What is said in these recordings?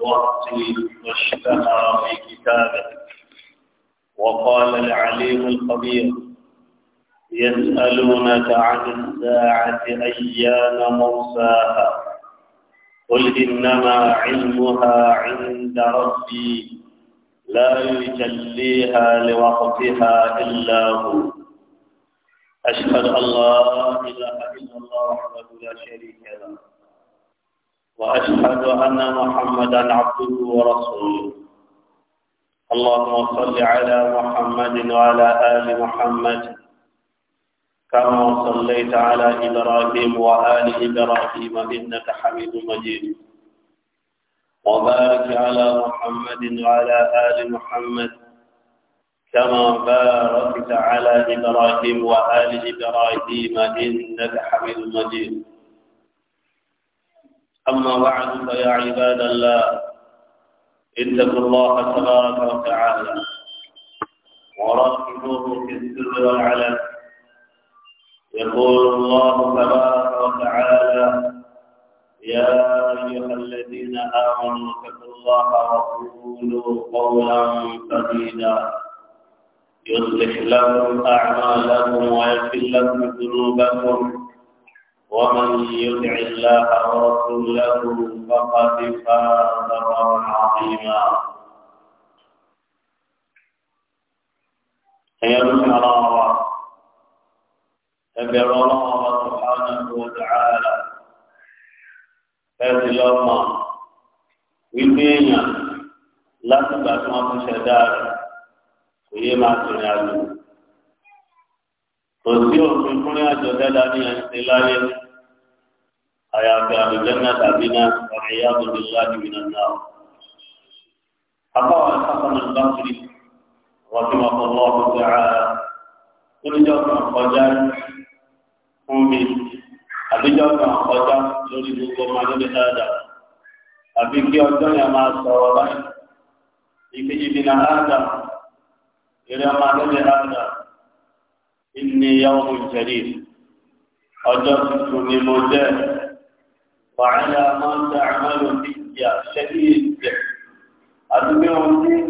الوقت واشتهى في كتابه وقال العليم الخبير يسألونك عن الساعة أيان مرساها قل إنما علمها عند ربي لا يجليها لوقتها إلا هو أشهد الله إله إلا الله وحده لا شريك له وأشهد أن محمدا عبده ورسوله اللهم صل على محمد وعلى آل محمد كما صليت على إبراهيم وآل إبراهيم إنك حميد مجيد وبارك على محمد وعلى آل محمد كما باركت على إبراهيم وآل إبراهيم إنك حميد مجيد أما بعد فيا عباد الله اتقوا الله تبارك وتعالى وراقبوه في السر والعلن يقول الله تبارك وتعالى يا أيها الذين آمنوا اتقوا الله وقولوا قولا سديدا يصلح لكم أعمالكم ويغفر لكم ذنوبكم ومن يطع الله ورسوله فقد فاز فوزا عظيما يا رسول الله تبر الله سبحانه وتعالى هذه اليوم ويبين لا تبقى ما تشهد ويما تنعلم تسير في كل هذا الذي àyàfi àlùjẹ́nà tàbí náà ọ̀rẹ́yà lóde láti wí náà náà. Àbáwọ̀ Hasan al-Basri wọ́n ti wọ́n fọwọ́ ọ̀gbẹ́ ara oníjọ́ kan kọjá fún mi àbíjọ́ kan kọjá lórí gbogbo ọmọ lórí dáadáa àbí kí ọjọ́ yẹn máa sọ̀rọ̀ báyìí ìkejì náà dáadáa eré ọmọ lórí dáadáa ìní yàwó jẹ̀rí ọjọ́ tuntun ni mo jẹ́. وعلى ما تعمل بك شهيد أدمعني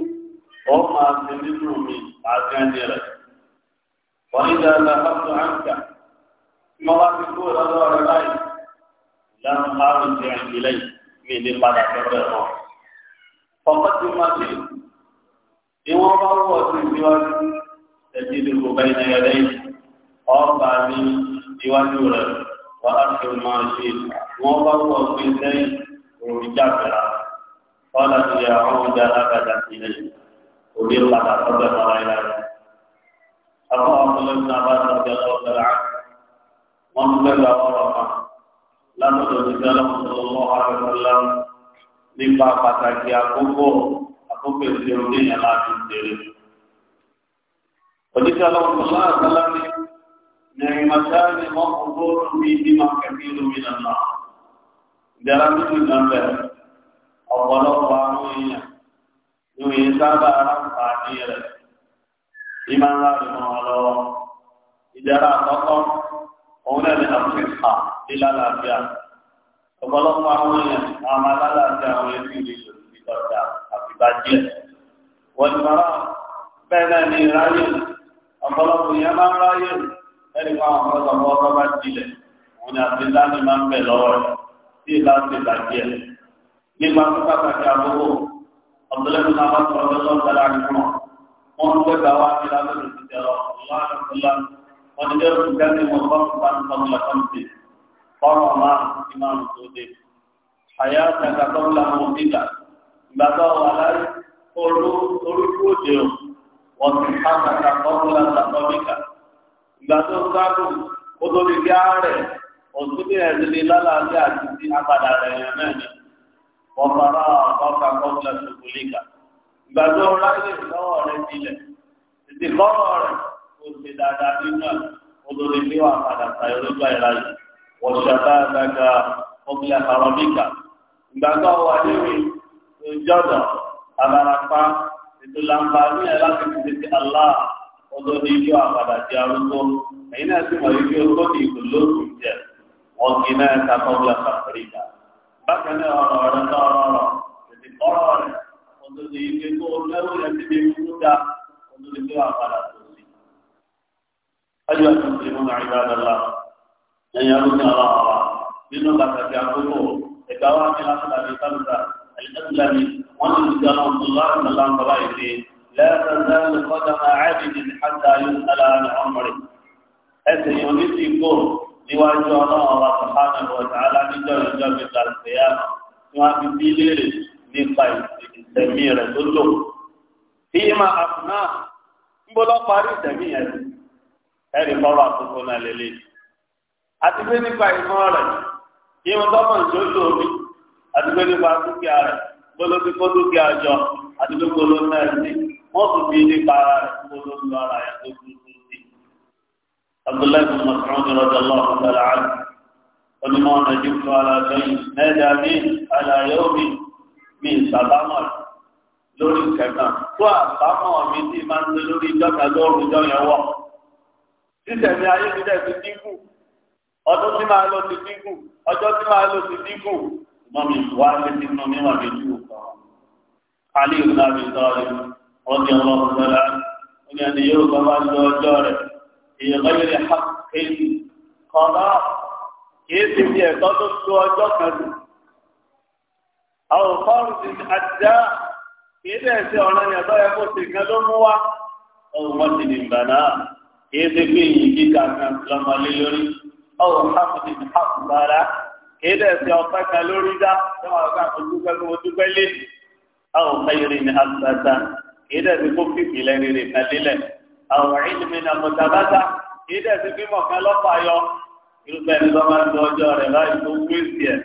وما تمنني عزاني لك وإذا ذهبت عنك ما تقول أدوار الآية لم أرجع إليك من بعد كبره فقد ما شئت ìwọ́n bá wọ̀ sí síwájú ẹ̀jẹ̀ ìdìbò bẹ́ẹ̀ ní ẹ̀rẹ́ فأخي الماشي وضوى في الليل ومجافرة قالت يا عود أبدا إليه وبيطلع قدم غيره أبو عبد الله بن عباس رضي الله تعالى عنه من بلغ ورقة لم تجد صلى الله عليه وسلم nípa pàtàkì àkókò àkókò ìṣirò ní ìyàrá àti ìṣeré. Òjíṣẹ́ ọlọ́run sọ̀rọ̀ àtàlá ní نعمتان مقبول فيهما كثير من النار جرام النبي ọ̀pọ̀lọpọ̀ àwọn èèyàn ní òye sábà aláǹfààní rẹ̀ ní máa ń rárí mọ́ wọn lọ́wọ́. ìdára àkọ́kọ́ òun náà ní àfíríkà nílàlàáfíà ọ̀pọ̀lọpọ̀ àwọn èèyàn àwọn alálàáfíà àwọn ẹbí ìlú ìlú ìdọ̀dà àti ìbàjẹ́. wọ́n ti mọ̀ràn bẹ́ẹ̀ náà ní ìráyè ọ̀pọ̀lọpọ̀ èèyàn ẹni fún àwọn ọ̀pọ̀lọpọ̀ ọmọ ọmọ bá tilẹ̀ òun ni àti láti máa ń bẹ̀ lọ́wọ́ rẹ̀ tí ìlà ti bàjẹ́ nípa tó pàtàkì àbúrò ọ̀pọ̀lọpọ̀ náà wọ́n sọ̀rọ̀ lọ́wọ́ dára nínú wọn ń gbẹ́gbà wá sí lábẹ́rẹ́ ti tẹ̀rọ ọ̀làdùnlá wọn ni bẹ́ẹ̀ fún gẹ́gẹ́ wọn bá fún báńkì tọ́mùlà tọ́mùtì ọ̀rọ̀ máa ti máa ń tó dé àyà àtàkà tọ́mùlà mọ̀ nígbà ìgbà tó wà láyé orúkú òde ò wọ́n ti ká àtàkà tọ́mùlà tàbọ́mìkà ìgbà tó ń gbádùn ó tó lè gbé ààrẹ òtúndì ẹ̀sìn lè lálàáfíà àti ti apàdà rẹ̀ yẹn náà ni wọ́n fara ọ̀kọ́ka kọ́ńtà ṣòkòlíkà ìgbà tó ń ráyè lọ́wọ́ rẹ̀ sílẹ̀ títí kọ́rọ̀ rẹ̀ kò ṣe dáadáa nínú ẹ̀ ó tó lè gbé wà padà sàyọ lójú àìláyè wọ́n ṣàtà àgbàgà ọ̀gbìn àkàrọ̀míkà ìgbà tó wà níbi ìjọ́dọ̀ àbárapá ètò làǹfààní ẹ̀ láti fi tètè aláà ọdún ní ilé àpàdà ti arúgbó èyí náà sì mọ̀ ibi ọdún ní ìlú lóògùn jẹ wọn kì í náà ta kọ́gbà kàfíríkà bákan náà ọ̀rọ̀ rẹ̀ náà rọrọ̀ ètò ọ̀rọ̀ rẹ̀ ọdún ní ilé tó lẹ́rù rẹ̀ ti di fún dá ọdún ní ilé àpàdà tó sí. ayé àti ìṣẹ́gun náà ìgbà ẹ̀yìn arúgbó náà wà nínú bàtàkì àkókò ẹ̀gbá wa ní لا تزال قدم عبد حتى يسأل عن عمره ẹsẹ̀ yìí ní ti kó níwájú ọlọ́run wa sàkánà lọ sàálà níjọ́ ìjọ gbẹ̀gbà ìgbéyàwó tí wọ́n fi bí léèrè nípa ìsẹ̀mí rẹ̀ tó lò. wọ́n tún fi nípa ara rẹ̀ tó ló lu ara rẹ̀ tó kú tó sí. abdullahi bin mas'ud radiyallahu ta'ala anhu onímọ̀ nàìjíríà fún ara sẹ́yìn mẹ́ta ní àlàyéwò mi mi sábàmọ̀ lórí kẹta tó àbámọ̀ mi ti máa ń lé lórí ìjọba lóru ìjọ yẹn wọ̀. sísẹ̀mí ayé mi dẹ̀ ti dínkù ọdún tí máa lọ ti dínkù ọjọ́ tí máa lọ ti dínkù mọ́mi wá létí nínú mímọ́ mi ju ọ̀kan. alẹ́ ìlú mi sọ ọ́ lẹ́nu. رضي الله تعالى عنه أن يوم ما جاره في غير حق قضاء يجب يقضي الزواج أو فرض أداء إذا سألنا يضايق سكان موا أو مسجد بناء إذا فيه كان لما ليوري أو حفظ حق بارا إذا سألتك لوري كما كان قلتك وتبلد أو خير أساسا èyí dẹ̀ ti kó fìfì lẹ́ni rè kàlílẹ̀ àwọn ìlúmi nà mọ̀tàbátà èyí dẹ̀ ti bímọ kan yọ irúfẹ́ ẹni tó máa ń lo ọjọ́ rẹ̀ láì tó wéèsì ẹ̀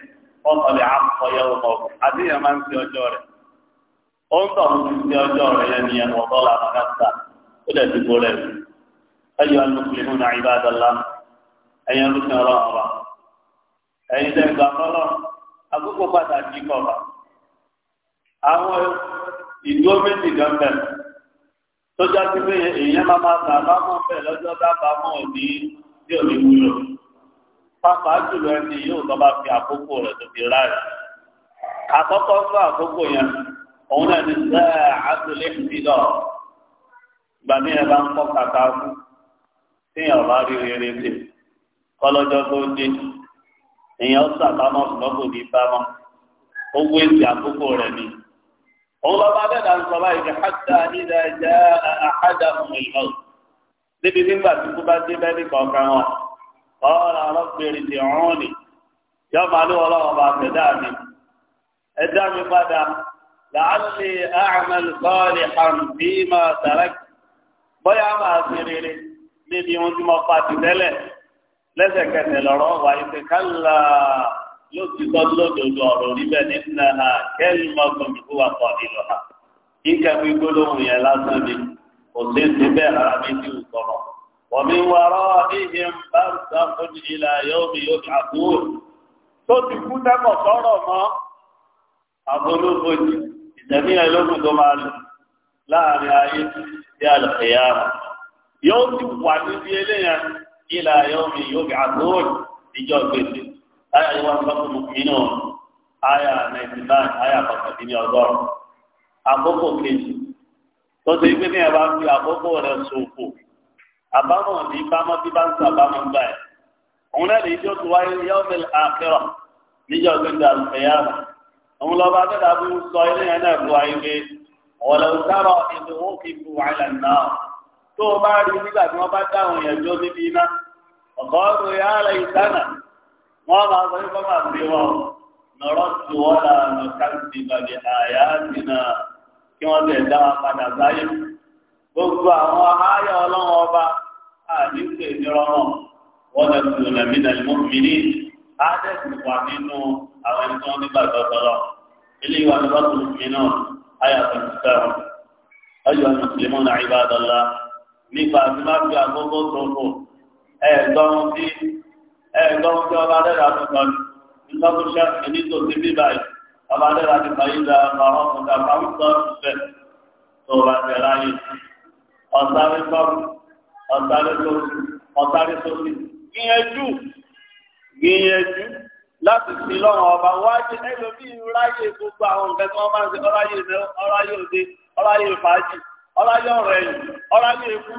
ya àkọyọ si àti ìyẹn máa ń ti ọjọ́ rẹ̀ ìdúró méjì gánbẹ tọjá sí pé èèyàn máa máa sàbá mọ bẹ́ẹ̀ lọ́jọ́ dábàá mọ ní tí ò ní wúlò pápá jùlọ ẹni yóò tó bá fi àkókò rẹ̀ tó fi ráàyè àkọ́kọ́ fún àkókò yẹn òun náà ní sẹ́ẹ̀ àtúlẹ̀ ìdílọ ìgbà ní ẹ bá ń kọ́ kàkà fún téèyàn bá rí rere tè kọ́lọ́jọ́ tó dé èèyàn sàbámọ̀ ṣùgbọ́n kò ó wé sí àkókò rẹ̀ ni òun bá bá dẹ́dà ń sọ báyìí hàtà ìdá ìjà àhádà ìmọ̀ níbi nígbà tí kú bá dé bẹ́ẹ̀ nípa ọ̀kan wọn ọ̀rọ̀ ọlọ́gbẹ̀rẹ̀ ti hàn ní yọ̀ọ̀mà ló ọlọ́wọ́ bá fẹ̀dá mi ẹ̀dá mi padà làálì àmàlù sọ́ọ̀lì hàǹbí máa tàrẹ́kì bóyá máa ṣe rere níbi ohun tí mo pa ti tẹ́lẹ̀ lẹ́sẹ̀kẹsẹ̀ lọ́rọ̀ wà ìpè yóò ti sọ lódodo ọ̀rọ̀ níbẹ̀ nípa ha kẹ́lí mọ́tò mi fún wa kọ́ nílò ha. kíkẹ́ fi gbólóhùn yẹn lásán mi kò sí ti bẹ́ẹ̀ rárá mi ti sọ̀rọ̀. wọ́mi wọ́rọ́ níhi ń bá sàkóso ìlà yóò mi yóò fi àbúrò. tó ti kú tẹ́kọ̀ sọ̀rọ̀ mọ́ àfolófojì ìtẹ̀mí ẹ̀ lókun tó máa lò láàrin ayé sí àlùfẹ́yà yóò ti wà níbi eléyàn ìlà yóò mi yóò fi àbúrò ìjọ gbèsè aya yìí wọn bọ́kù mùkínú aya ninety nine aya pàtàkì ní ọgọ́rùn-ún àkókò kejì tó ti gbé ní ẹ̀rọ àti àkókò rẹ̀ ṣòfò àbámọ̀ ní bámọ́ bí bá ń sàbámọ́ gbà ẹ̀ òun náà lè jọ tó wáyé yọ́ọ̀mẹ̀l àkẹ́rọ̀ níjọ́ gbẹ̀ngà ìfẹ̀yàrá òun lọ́ba dẹ́dà bí sọ ilé yẹn náà bu ayé pé ọ̀lẹ́ òtárọ̀ ìlú òkè bu àìlẹ̀ náà tó o bá rí nígbà tí wọ́n bá dáhùn yẹn jó níbi iná ọ̀kọ́ ọ̀rọ̀ yàrá ìtànà wọ́n máa sọ wípé máa fi wọn nọ̀rọ̀ tí wọ́n là lọ́ka ti bàbí àyà ti nà kí wọ́n lè dá wọn padà sáyé. gbogbo àwọn aáyọ ọlọ́run ọba àdínkù ìnirọ́nà wọ́n lè tù lẹ́mí nà mọ́mìnì ádẹ́sì wà nínú àwọn ẹni tí wọ́n nígbà tọ́tọ́rọ́. ilé ìwà ni wọ́n tún mí náà àyà tó ti sẹ́wọ̀n. ọjọ́ mùsùlùmí náà ibà dọ́là nípa àti má fi àgbógbó tó kù ẹ̀ẹ́dọ́rùn-ún ẹ̀gbọ́n tí ọba dẹ́rẹ́ àtúntò nígbà tó ṣe ẹni tó ti bí báyìí ọba dẹ́rẹ́ àti fàyídà àwọn ọ̀sán àbá ń sọ ìfẹ́ tó bá tẹ̀ láyé ọ̀sáré sọ́ọ̀rù ọ̀sáré sọ́ọ̀rù ọ̀sáré sọ́ọ̀rù gbìyànjú gbìyànjú láti fi lọ́wọ́ ọba wájú ẹlòmíì ráyè gbogbo àwọn nǹkan tí wọ́n bá ń ṣe ọláyé ọláyé òde ọláyé fàájì ọláyé ọ̀rọ̀ ẹ̀yìn ikú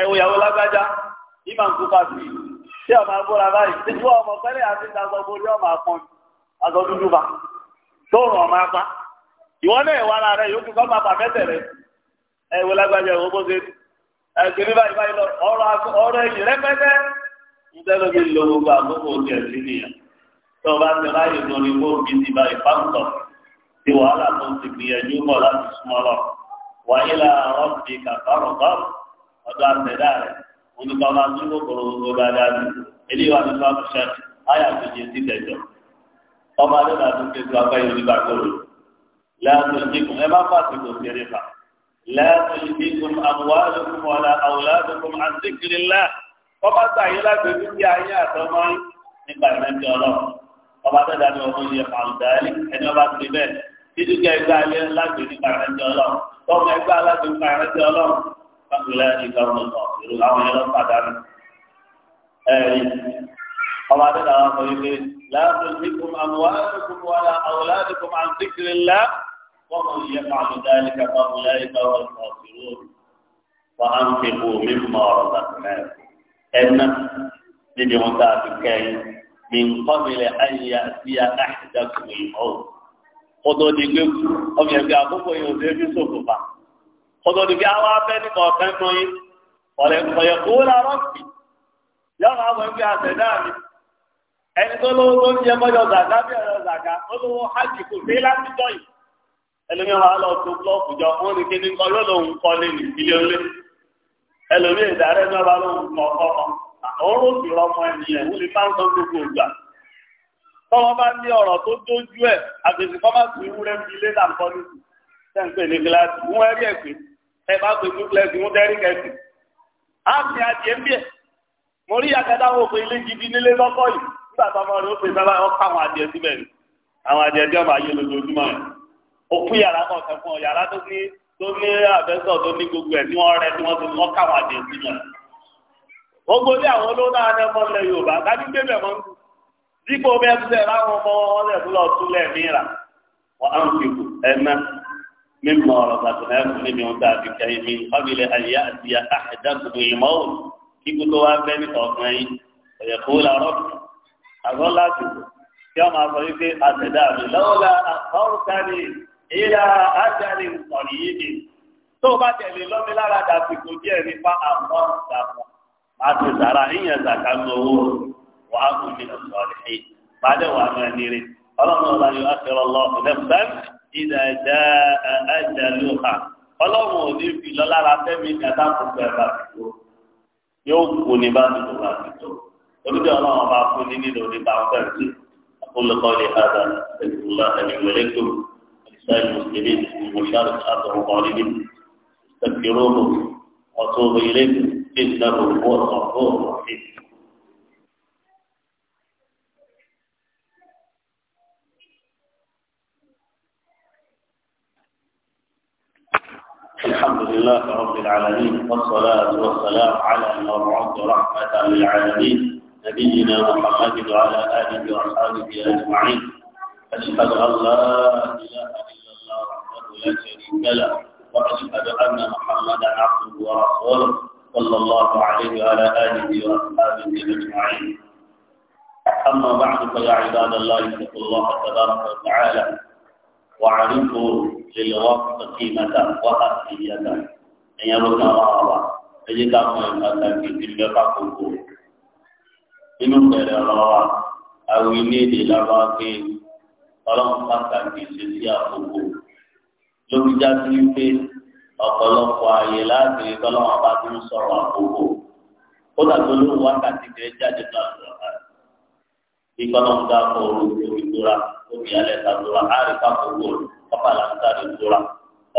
ẹ̀wò lágbájá ìmọ̀ nǹkú tí ọmọ agbóra báyìí títí wọn ọmọ pẹ̀lẹ́ àti ìdàgbọ borí ọmọ àpọn àgọ dúdú bá tó rùn ọmọ apá ìwọ náà ìwà ara rẹ yóò fi kọ́ máa bà mẹ́tẹ̀ rẹ ẹ wò lágbájá ìwọ bó ṣe ẹ kiri báyìí báyìí lọ ọ̀rọ̀ ẹ̀yìn rẹpẹtẹ nítorí omi lo gbogbo àkókò tiẹ̀ sí nìyẹn tó o bá ti ráyè lórí owó mi ti báyìí pàǹtọ̀ ti wàhálà tó ti gbìyànjú mọ̀ láti súnmọ́ lọ wàyí la onípa máa tún kòkòrò gbogbo dáadáa ní eléyìí wà ní sáàpù ṣáàtì ayé àtúnṣe sí tẹjọ ọba adéla tó ké tó apá yìí nípa kòrò láàtò ìdíkùn ẹ má pàṣẹ kò kéré fà láàtò ìdíkùn àmúwádùkùn ọ̀la àwòládùkùn àdìkìrìlá ọba tàyé láti dúkìá ayé àtọmọ nípa ìrántí ọlọ́run ọba adéla ni ọmọ yẹ fàǹdálì ẹni ọba ti fáfilẹ ìgbàlódé náà ìlú àwọn ẹlọ pàdánù ẹ̀yìn ọba adéta wa sọ wípé láàbùn nìkún àmúwádìkún wàlà àwòládìkún àǹtíkìrìlá wọn kò yẹ fàánù dáálí kàkà ọmọlẹ ìgbàlódé náà ìlú wọn á ń fi kú mi mọ ọ̀rọ̀ làtìmẹ ẹnà níbi wọn tá a fi kẹ́yìn mi nǹkan mi lẹ ayé àti àdáhìdá kùmí ọ kótó di gbé ọmọ ẹgbẹ́ àkókò yìí ò kọtọdù bí àwọn afẹ nìkan ọfẹ nù yín ọyẹ kó làárọ sí yọrọ àwọn ẹgbẹ àtẹdá mi ẹni tó lówó tó ń jẹ mọjọ zàgá bí ọyọ zàgá ó lówó hajj kò sí láti jọ yìí ẹlòmíì wà lọ tó búlọọkù jọ wọn ní kíni kọ yóò lòun kọ lé ní ilé olé ẹlòmíì ìdárẹ náà bá lòun kọ ọkọ àwọn òbí ọmọ ènìyàn wọlé bá ń sọ gbogbo ìgbà tọ́wọ́ bá ní ọ̀rọ̀ tó dójú ẹ̀ àgbèsìkọ́ bá sì ń wúrẹ́ fi lé làǹkọ́ nìkú sẹ́ńpẹ̀ ní kíláàsì wọ́n rí ẹ̀ pé ẹ bá pè dúpẹ́sì mú tẹ́rí kẹsì á fi àjẹ́ ń bíẹ̀ mo rí àgàdá wo pé ilé gidi nílé lọ́kọ́ yìí nígbà tó ọmọ rẹ̀ ó pè sábà ó àwọn àjẹ́ síbẹ̀ ni àwọn àjẹ́ tí ọmọ ayé lójoojúmọ́ rẹ̀ yàrá kan fún ọ yàrá tó ní tó ní àfẹ́sọ̀ tó ní gbogbo ẹ̀ tí wọ́n rẹ̀ tí wọ́n ti ní àwọn mímọ ọ̀rọ̀ gbàgbọnà ẹkùn níbi ohun tá a fi kẹ́yìn mi fábílẹ àyè àti àdàgbò ìmọ̀wò kíkú tó wá bẹ níta ọkàn yín ọyẹ kó làárọ àgọ láti tí wọn máa sọ wípé àtẹdá mi lọ́wọ́lá àkọọkàní ìlà ájàlè ìsọrí yìí ni tó o bá tẹ̀lé lọmi lára dàsìkò díẹ̀ nípa àwọn ìsàkùn àti sàrà ìyẹn zàkà ń lówó wàá kún mi lọ sọ̀rọ̀ yìí bá dẹ wàá mọ ẹni rè ọlọ́run ọba yóò á fẹrẹ lọ ọdẹ fẹẹ ìdàjà àjàlóha ọlọ́run ò ní fi lọ lára fẹ́mi kàtà kókò ẹ̀ bá ti tó yóò kú ní bá ti tó bá ti tó olùdó ọlọ́run bá fún ní nílò nípa ọ̀fẹ́ sí akólókọ́ lè ha dà ẹ̀dùnlá ẹ̀dùnwẹ̀lẹ́kọ̀ ìsáyé mùsùlùmí mùsàlù àtọ̀wọ̀ ọ̀rẹ́dì ìsèkìrò ọ̀tọ̀ ìlẹ́kùn ìdíjìnà òkú ọ̀tọ̀ ọ̀tọ̀ ọ̀tọ̀ الحمد لله رب العالمين والصلاة والسلام على المبعوث رحمة للعالمين نبينا محمد وعلى آله وأصحابه أجمعين أشهد أن لا إله إلا الله وحده لا شريك له وأشهد أن محمدا عبده ورسوله صلى الله عليه وعلى آله وأصحابه أجمعين أما بعد فيا عباد الله اتقوا الله تبارك وتعالى وعرفوا للوقت قيمة وحسية ẹ̀yìn ọlọ́dún àwọn àwà ẹ̀yẹ táwọn ẹ̀ka tàbí ìdílé ọ̀ka gbogbo. nínú bẹ̀rẹ̀ ọ̀rọ̀ wa àwọn iléèdè lábá pé ọlọ́run pàtàkì ṣe sí àkókò. lórí jáde pé ọ̀pọ̀lọpọ̀ ààyè láti rí tọ́lọ́wọ́n bá ti ń sọ̀rọ̀ àkókò. ó dàgbé olówó wákàtí tẹ̀ jáde tó àgbà rẹ̀. ìkọ́nà ń dá ọ̀rọ̀ òkú ìdúrà ó fi alẹ́ tàbí ọba làǹtàrí búra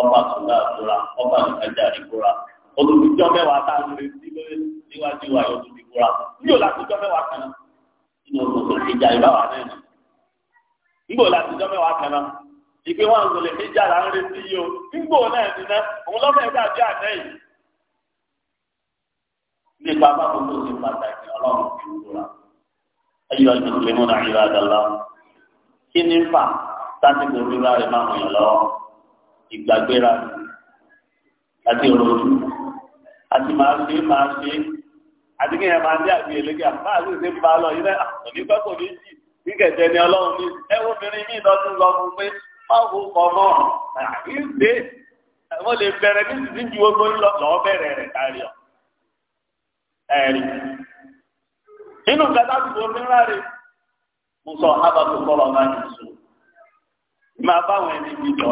ọba sùnà búra ọba nìkanjàrí búra olùdíjọ mẹ́wàá tá a lè sí lórí níwájú wa yóò tún ti búra ní òlà mẹ́wàá kan nínú òkòtò ìjà ìbáwá náà nì nígbò òlà mẹ́wàá kan náà ìpín wọn kò lè níjà là ń retí yìí o nígbò náà nìyẹn òun lọ́fẹ̀ẹ́ dàbí àtẹ́yìn nípa báwo ló ṣe pàtàkì ọlọ́run fi búra ayé wa ti ìlú àdàlá kí ni fà sásìkò rírà rẹ̀ máa wọ̀nyàn lọ ìgbàgbéra àti òròjú àti máa ṣe máa ṣe àti kí ẹ máa ní àbí eléke àbá àti ìṣe bá lọ yìí náà òní pẹ́ kò ní jì kí kẹ̀kẹ́ ni ọlọ́run ní ẹ wo obìnrin mí lọ́dún lọ fún pé má wo kọ mọ́ ìṣe wọ́n lè bẹ̀rẹ̀ bí ti ju ogbó lọ́ọ́ bẹ̀rẹ̀ rẹ̀ kárí ọ. ẹ̀rí nínú kẹta tó fi ń rárẹ̀ mo sọ abàtúkọ́ lọ́ọ́ máa bá àwọn ẹni bíi jọ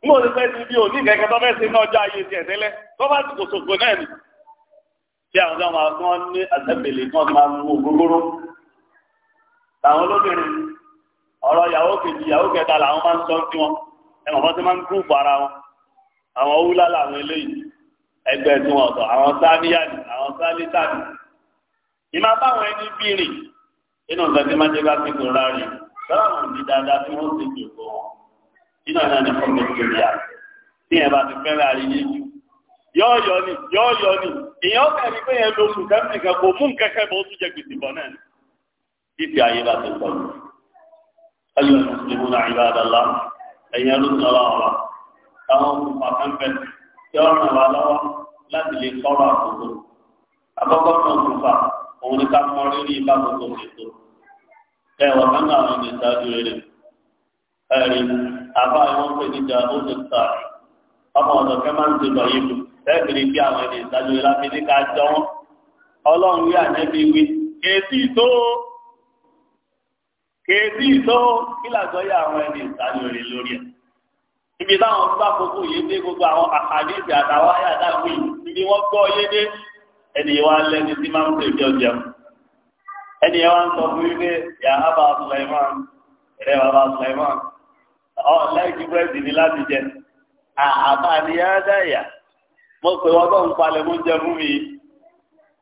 rẹ mo ti fẹ́ ti bí òní kẹ̀kẹ́ tó fẹ́ ṣe ní ọjọ́ ayé tiẹ̀ tẹ́lẹ̀ tó bá ti kòsòkò náà ni kí àwọn ọ̀dọ́ máa tún ní àtẹ́bẹ̀lẹ̀ kí wọ́n máa mú gbogbooro làwọn olóbìnrin ọ̀rọ̀ ìyàwó kejì ìyàwó kẹta làwọn máa ń sọ sí wọn ẹ̀wọ̀n wọn ti máa ń kú fara wọn àwọn wúlá làwọn eléyìí ẹgbẹ́ tí wọn sọ àwọn sáníyàní àwọn sálítàní ìmọ̀ báwọn ẹni bí rìn inú nǹkan tí máa ń jẹ́ bá fi kò rárìn sáàmù ní dáadáa tí wọ́n ti dè fún wọn nínú àná ní fọ́nmẹ́ tó yà tí ẹ bá ti fẹ́ràn àrí yé jù yóò yọ ni yóò yọ ni èèyàn kàrí pé yẹn lóṣù kẹ́mìtì kan kò mú nǹkan kẹ́mọ̀ ó tún jẹ gbèsè bọ̀ náà ni títí ayé bá ti sọ ní. ayọ̀ ìṣèlú náà ìlà àdàlà ẹ̀yìn ẹlòmíràn ọ̀la àwọn òkùnfà kẹ́mẹ́ tí ó ràn wá lọ́wọ́ láti lè kọ́rọ̀ àkókò àkọ́kọ́ náà òkùnfà òun ni ká mọ rírì ìbámu tó ṣètò ẹ wà kánà àwọn ọmọ ìsáájú rere ẹrí àbá àwọn pè níjà ó ti sà ọmọ ọ̀dọ̀ kẹ́ máa ń ti lọ yìí lẹ́bìrì bí àwọn ẹni ìsáájú rere láti ní ká jọ wọn ọlọ́run wí àjẹbí wí kèétí tó kèétí tó kí làgbọ́ yá àwọn ẹni ìsáájú rere lórí ẹ̀ ibi táwọn bá gbogbo yìí dé gbogbo àwọn àkàdéjì àtàwọn ayé àtàwọn ibi wọ́n gbọ́ yé dé ẹni wa lẹ́ni tí máa ń pè bí ọjà mu ẹni ẹ wá ń sọ fún wípé yà á bá Suleiman rẹ bàbá Suleiman ọ láìkí búrẹ́dì ni láti jẹ àbá ni á dáyà mo pè wọ́n bọ́ ń palẹ̀ mú jẹ fún mi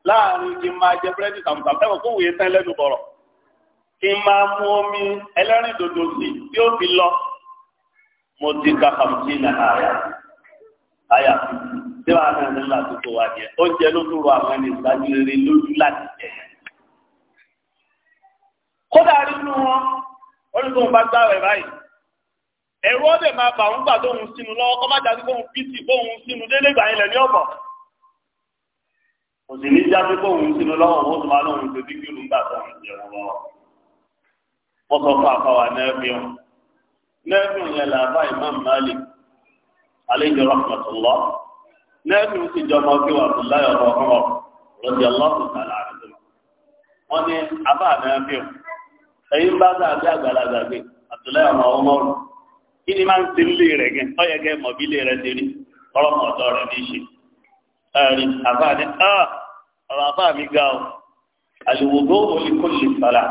láàrin kí n máa jẹ búrẹ́dì tàmùtàmù ẹ̀wọ̀n kó wòye tán lẹ́nu bọ̀rọ̀ kí n máa mú omi ẹlẹ́rìn dòdò sí tí ó fi lọ mo ti ka kàmùtì nà áyà áyà tí wàá nà ní láti kó wa jẹ oúnjẹ ló dúró àwọn ẹni ìsájú rere lójú láti jẹ tó ń bá gbá rẹ̀ báyìí ẹ̀rú ọ̀dẹ̀ máa bà ń gbà tóun sínú lọ́wọ́ kọ́ má jáde kóun pìtì kóun sínú délé gbà ilẹ̀ ní ọ̀bọ̀ kò sì ní jáde kóun sínú lọ́wọ́ ó tún máa lóun ṣe dígbì lùgbà tóun jẹun lọ́wọ́ wọ́n sọ fún àfàwà nẹ́ẹ̀fìọ̀n nẹ́ẹ̀fìọ̀n yẹn làbá Imam Malik aleyhi rahmatullah nẹ́ẹ̀fìọ̀n sì jọmọ kí wà fún láyọ̀ ọ̀rọ̀ lọ́sí ọlọ́sùn ẹ̀yin bá dàbí àgbàlagbà gbé àtúlẹ̀ ọmọ ọmọ rẹ̀ kí ni máa ń ti lé rẹ̀ gẹ̀ ọ yẹ kẹ́ mọ̀ bí lé rẹ̀ ti rí ọlọ́mọ ọ̀dọ́ rẹ̀ ní í ṣe. ẹ̀rí àbá ni ọ̀rọ̀ àbá mi ga o àlùwògbó olùkọ́lù sọ̀la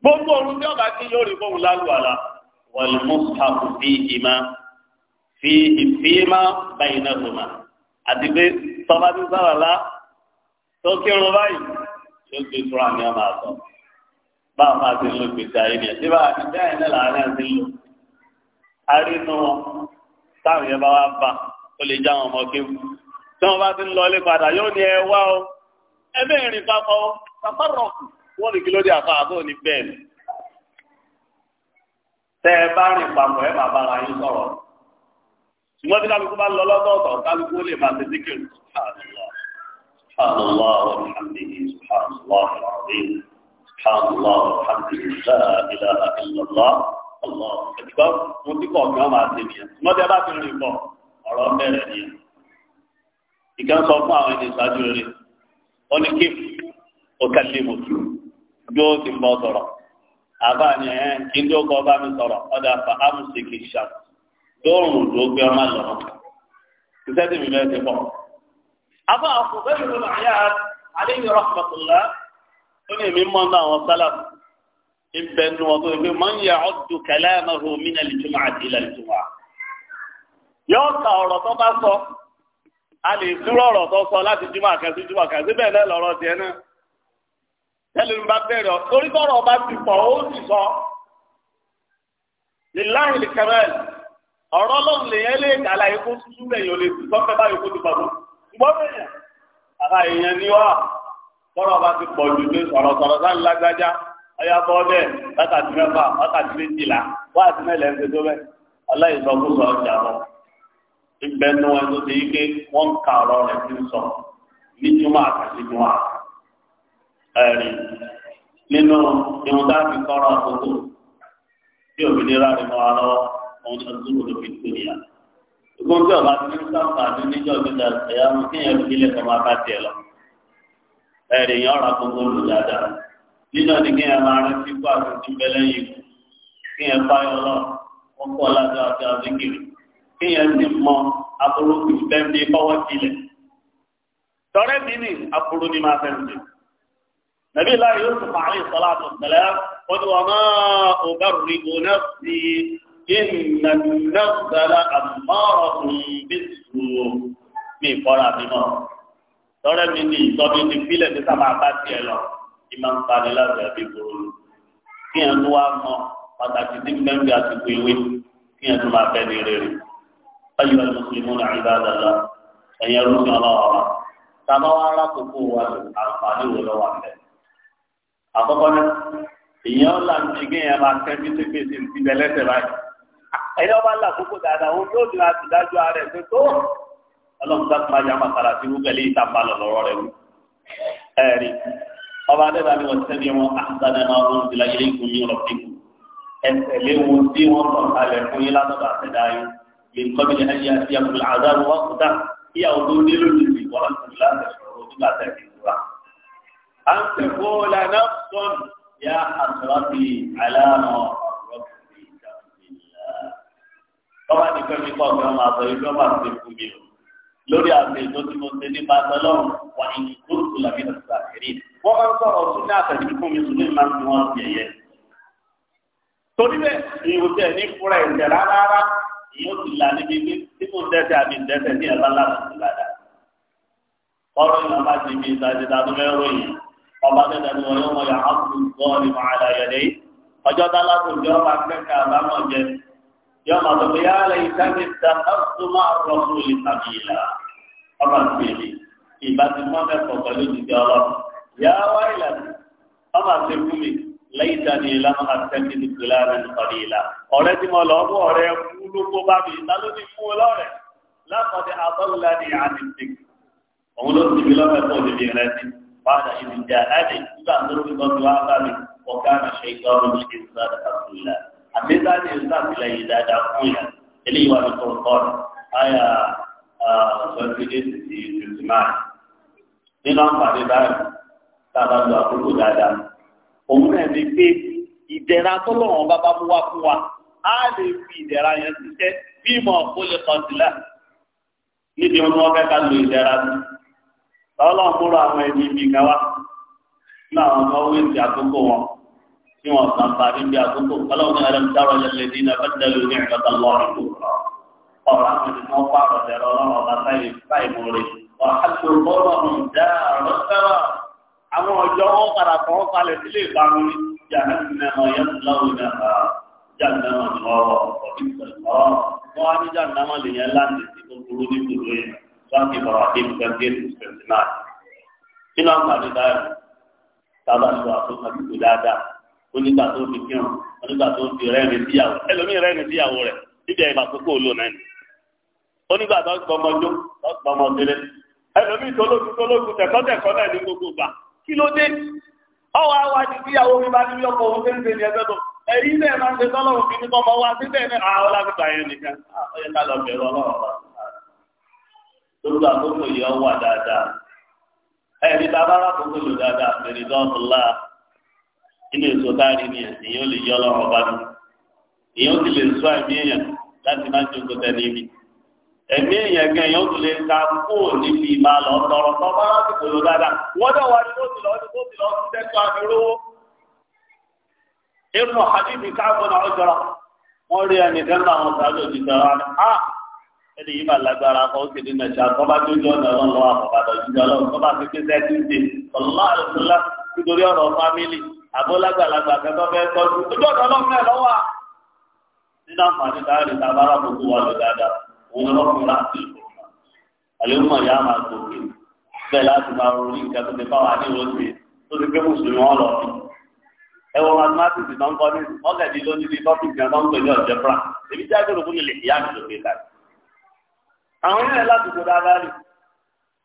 gbogbo ọ̀run tí ọba kí yóò rí fóun lálùwàlà wàlúmọ́sàkù fi ìmá fi ìfìmá báyìí náà tó máa àti pé tọ́ba ti sábà lá tó kírun báyìí tó gbé tura ní ọmọ àtọ̀ bá a máa ti lo gbèsè ayé ni ẹ̀sìn bá a ti bẹ́ẹ̀ ní làárín àti lò. a rí inú wọn táwọn yẹn bá wá bá ó lè já wọn ọmọ kéwù tí wọn bá ti ń lọ ilé padà yóò ní ẹ wá o ẹ bẹ́ẹ̀ rìn papọ̀ o papọ̀ rọ̀kù wọ́n ní kí ló dé àfa àbọ̀ ní bẹ́ẹ̀ ni. tẹ́ ẹ bá rìn papọ̀ ẹ máa bára yín sọ̀rọ̀ ṣùgbọ́n tí kálukú bá lọ lọ́tọ̀ọ̀tọ̀ kálukú lè máa ti díkìrì سبحان الله والحمد لله لا إله إلا الله الله أكبر wọ́n ti kọ́ ọ̀gbìn ọmọ àti ènìyàn wọ́n ti bá fi rìn bọ̀ ọ̀rọ̀ bẹ̀rẹ̀ nìyẹn. ìkan sọ fún àwọn ẹni ìṣáájú rẹ̀ wọ́n ní kí òkàlẹ́ mọ̀tò yóò ti bọ́ sọ̀rọ̀ àbá ni ẹ̀ kí n tó kọ́ bá mi sọ̀rọ̀ ọ̀dà fà ámùsìkì ṣà lóòrùn tó gbé ọmọ lọ́wọ́ ìṣẹ́ tèmi bẹ́ẹ̀ ti pọ̀. àbá àfọ̀fẹ́ mi ló máa yára àlẹ́ yìí rọ̀ ó ní èmi mọ́ náà àwọn sálàmù ìbẹ̀ nu ọ̀tọ̀ ìgbé máa ń yà ọ́dún kalamahu min al-jumu'ati ila al-jumu'ah. yóò ka ọ̀rọ̀ tó bá sọ a lè dúró ọ̀rọ̀ tó sọ láti jùmọ̀ àkàtì jùmọ̀ àkàtì bẹ́ẹ̀ náà lọ́rọ̀ tiẹ̀ náà. tẹ́lẹ̀ ń bá bẹ̀rẹ̀ torí tọ́rọ̀ bá ti pọ̀ ó sì sọ. lillahi al-kamal ọ̀rọ̀ lọ́n lè yẹn kọ́rọ̀ bá ti pọ̀ ju sọ̀rọ̀ sọ̀rọ̀ sáà lágbájá ọyá bọ́ bẹ́ẹ̀ wákàtí mẹ́fà wákàtí méjìlá wákàtí mẹ́lẹ̀ ń tètè bẹ́ẹ̀ aláìsọkúsọ ọjà wọn ìgbẹ́ nu wọn tó ti yí pé wọ́n ka ọ̀rọ̀ rẹ̀ ti sọ ní jùmọ̀ àkàtì jùmọ̀ ẹ̀rí nínú ìwọ̀n tá a fi kọ́rọ̀ àkókò tí òmìnira rẹ̀ mọ́ ara wọn òun ni ọdún tó fi tó yà. ìgbóhùn tí ọba ti ń sáfà ní níjọ́ gbígbà ẹ̀rì yẹn ọ̀rọ̀ gbogbo lò dáadáa nínú ni kí ẹ máa rántí kó àtúntí bẹ́lẹ́ yìí kí ẹ bá yọ lọ wọ́n kọ́ ládàá àti àdékèrè kí ẹ sì mọ aburú ìfẹ́mi fọwọ́ tilẹ̀ tọ́rẹ́ mi ní aburú ni máa fẹ́mi jù nàbí láyé yóò sọ fàáyé sọlá tó tẹ̀lé wọ́n ti wọ́n máa ò bá rí o náà sí ìnà náà sẹ́lá àmọ́ràn bí sùúrù mi fọ́ra mi náà tọ́rẹ́ mi ní ìtọ́jú ti fílẹ̀ ní sábà bá tiẹ̀ lọ kí máa ń pani láti àbí gbòòrò kí ẹ̀ tó wá mọ pàtàkì tí mẹ́mbí àsìkò ìwé kí ẹ̀ tó máa fẹ́ ní rere. báyìí wà ní mùsùlùmí náà ìgbà àdàlà ẹ̀yẹ rúfin ọlọ́wọ́ wa sábà wá rákòókò wa lò àǹfààní wò lọ́wọ́ àbẹ̀. àkọ́kọ́ náà èèyàn là ń ti kéèyàn máa tẹ́ bí tó fèsì ìbẹ̀lẹ́sẹ̀ ọlọ́run sáà máa yàmà sára sí wúgẹ̀lì ìtàpá lọ́rọ́ rẹ̀ wú. ẹ̀rí ọba adébá ni wọ́n sẹ́ni wọn àtàdé náà wọn ti la ilé ìkùn yín rọ̀bì kù. ẹsẹ̀ lé wọn tí wọ́n sọ kalẹ̀ fún yín látọ̀dọ̀ àtẹ̀dá yín lè kọ́ mi lẹ́yìn àti àbúrò àdáwò wọn kú dá ìyàwó tó dé lójijì wọn kù látẹ̀ Tọ́ba ní pẹ́ máa sọ ìjọba ti fún mi o lórí àti ètò tí mo ṣe nípa tọlọ́run wà ní kóòtù làbí ọ̀sán àkèrè wọ́n máa ń sọ̀rọ̀ sí ní àtẹ̀jú fún mi sùn ní máa ń fi wọ́n ti ẹ̀yẹ. torí bẹ́ẹ̀ ìwò tẹ̀ ní fúra ẹ̀jẹ̀ rárá ìyóò ti là níbi bí tí mo dẹ́sẹ̀ àbí dẹ́sẹ̀ ní ẹ̀bá láti ti làdá. ọ̀rọ̀ ìlànà bá ti fi ìtajà tàbí mẹ́rọ yìí ọba tẹ̀tẹ̀ ni wọ́n yọ yọmọ tó bí yálẹ ìtàgé ta ọtúmọ ọlọsùn ìtàgé ìlà ọba tèmi ìbá ti mọ mẹfọ pẹ̀lú ìdíje ọlọ́run yà wá ìlànà ọba tẹ fún mi lẹ́yìn tani ìlànà àtẹkí ní gbèlà rẹ nítorí ìlà ọ̀rẹ́ tí mo lọ bú ọ̀rẹ́ wú ló kó bá mi ìta ló ní fún ọ lọrẹ lápọtẹ àtọlùlá ní àdìsí òun ló ti fi lọfẹ fún òdìdí rẹ sí padà ìdíje àdìsí nígbà tó fi gbọdọ̀ wá bá mi ọgá àṣẹ ìgbà ọ̀rọ̀ mi kì í sọ àdàkàtúlá àbí sáàtì ń sàtìlẹ́yìn dáadáa fún yà eléyìí wà ní kọ̀ọ̀kọ̀rọ̀ àyà ọ̀sọ̀tìlẹ́ sì ti tìtì máa nínú àǹfààní báyìí sábà lo àkókò dáadáa òun náà ní pé ìdẹ̀ra tọ́lọ́wọ́n bá bá mú wá fún wa á lè fi ìdẹ̀ra yẹn ṣiṣẹ́ bí ìmọ̀ kó lè kàn sílẹ̀ níbi wọn tí wọn kàn fà ní bí àkókò ọlọ́run ní alam tara alladhina badalu ni'mata Allahi kufra ọ̀rọ̀ àwọn ti mọ́ pààrọ̀ tẹ̀rọ ọlọ́run ọba sáyé sáyé mọ́ rẹ̀ ọ̀rọ̀ àti òkúrọ̀ ọ̀hún dá ọ̀rọ̀ sábà àwọn ọjọ́ wọn padà kọ́ palẹ̀ sílé ìbámu ní jahannama ni wọ́n wọ̀ ọ̀dí pẹ̀lú wọn á ní jahannama lè yẹn láti ti gbogbo ní gbogbo yẹn láti bọ̀rọ̀ àti nínú àǹfààní dáa tábà sọ onígbà tó fi kírun onígbà tó fi rẹ́rìn síyàwó ẹlòmíì rẹ́rìn síyàwó rẹ̀ níbi ẹ̀yìn àkókò lò náà ni onígbà tó gbọmọ jó tó gbọmọ délé ẹlòmíì tolókù tolókù tẹ̀kọ́tẹ̀kọ́ náà ní gbogbo gbà kí ló dé ọwọ́ àwa ti síyàwó mi bá ní yọkọ̀ owó tẹ́ǹtẹ́ ní ẹgbẹ́ tó ẹ̀yìn náà máa ń ṣe tọ́lọ́run fi ní ah, ah, yẹ ká lọ bẹ̀rù ọlọ́run lórúkọ àkókò yìí ọwọ́ dáadáa dáadáa fèrè dọ́ọ̀tún láà inú èso tá a rí ni èèyàn lè yọ ọlọ́run ọba mi èèyàn sì lè sọ ẹ̀mí èèyàn láti má ju kó tẹ̀lé mi ẹ̀mí èèyàn gan èèyàn sì lè ta kúrò níbi máa lọ tọrọ tọba láti kòló dáadáa wọ́n dẹ̀ wá ní tó ti lọ ní tó ti lọ sí tẹ́tọ́ àmì olówó irun hadithi káàbọ̀ náà jọra wọ́n rí ẹni kẹ́ńtà àwọn sáré òjijì rà ní a ẹni yìí máa lágbára kọ́ ó sì nàìjíríà tọ́ba tó jọ ọ̀nà ọlọ́run lọ́wọ́ àbọ̀bàdàn jíjọ ọlọ́run tọ́ba fi pé sẹ́ẹ̀tì ń dè ọ̀lá àlùfáà nítorí ọ̀rọ̀ fámìlì abólágbàlagbà kẹtọ́ fẹ́ tọ́jú ojú ọ̀dọ́ náà fẹ́ lọ́wọ́ à. nínú àǹfààní káàrí ta bára gbogbo wa lọ dáadáa òun lọ́kùnrin láti ìfòkà àlẹ́wọ̀n yà máa gòkè bẹ́ẹ̀ láti máa ronú ìjà tó ti fáwọn àdéhùn tó ti gbé mùsùlùmí wọn lọ sí. ẹ wọ mathematics náà ń kọ́ ní ọ̀gẹ̀dì lónìí ní topic kan tó ń pè ní algebra èmi jáde ló fún ilé ìyá mi lókè ká. àwọn ilé láti kó dáadáa rí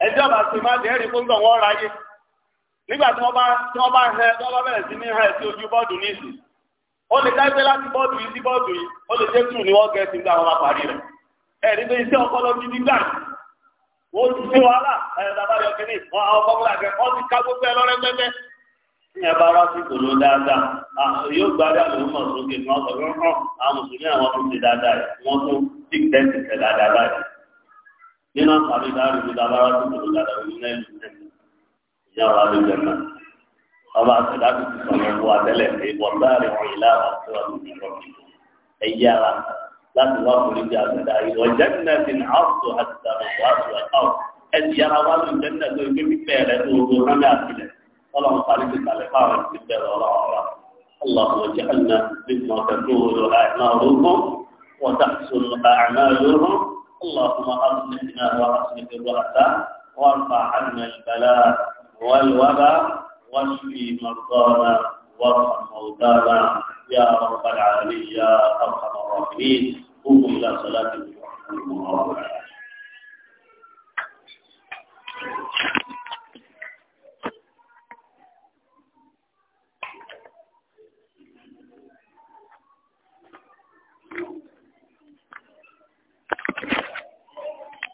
ẹjọ́ bá ti má dẹ́rì fún gbọ̀ngàn ọ̀rọ̀ ayé nígbà tí wọ́n bá tí wọ́n bá hẹ tí wọ́n bá bẹ̀rẹ̀ sí ní hẹ sí ojú bọ́ọ̀dù ní ìsìn ó lè dágbé láti bọ́ọ̀dù yìí sí bọ́ọ̀dù yìí ó lè dé tù ní wọ́n gẹ̀ẹ́sì nígbà wọn bá parí rẹ̀ ẹ̀ nígbà iṣẹ́ ọpọlọ ti dígbà wọ́n ti ṣe wàhálà ẹ̀ bàbá yọ kínní wọn àwọn fọ́múlà kẹ wọ́n ti ká gbogbo ẹ lọ́rẹ́ pẹ́pẹ́. ìyẹn bá wá sí kòló dáadáa yóò gbádùn àlọ́ mọ̀ sókè ní wọn sọ̀rọ̀ hàn àwọn mùsùlùmí àwọn tó ti dáadáa rẹ̀ wọ́n tó ti tẹ́sí tẹ̀ dáadáa báyìí. nínú àǹfààní dáadáa rẹ̀ ló dábàá wá sí kòló dáadáa rẹ̀ nílẹ̀ ìlú yàrá ló jẹ náà ọba àtẹ̀dáàbò ti sọ̀rọ̀ ọ̀bù àtẹ̀lẹ̀ pé wọ́tàrí ọ̀hìn láàbà tó wà lórí ìrọ̀lẹ́ ẹ yára láti wá forí bí àtẹ̀dá yìí wọ́n jẹ́ nínú ẹ̀sìn àwùjọ àti ìdàgbàsókè àti ìwàkàwọ̀ ẹ̀sìn yàrá wá lórí jẹ́ nínú ẹ̀sìn ìgbé pípẹ́ rẹ̀ tó o rán láàbìlẹ̀ ọlọ́run parí ti kàlẹ̀ fáwọn ti bẹ̀rẹ̀ ọlọ́run اللهم اجعلنا مما تقول أعمالهم وتحسن أعمالهم اللهم أصلحنا وأصلح الرؤساء وارفع عنا البلاء والوباء واشفي مرضانا وارحم موتانا يا رب العالمين يا ارحم الراحمين قوموا الى صلاتكم ورحمكم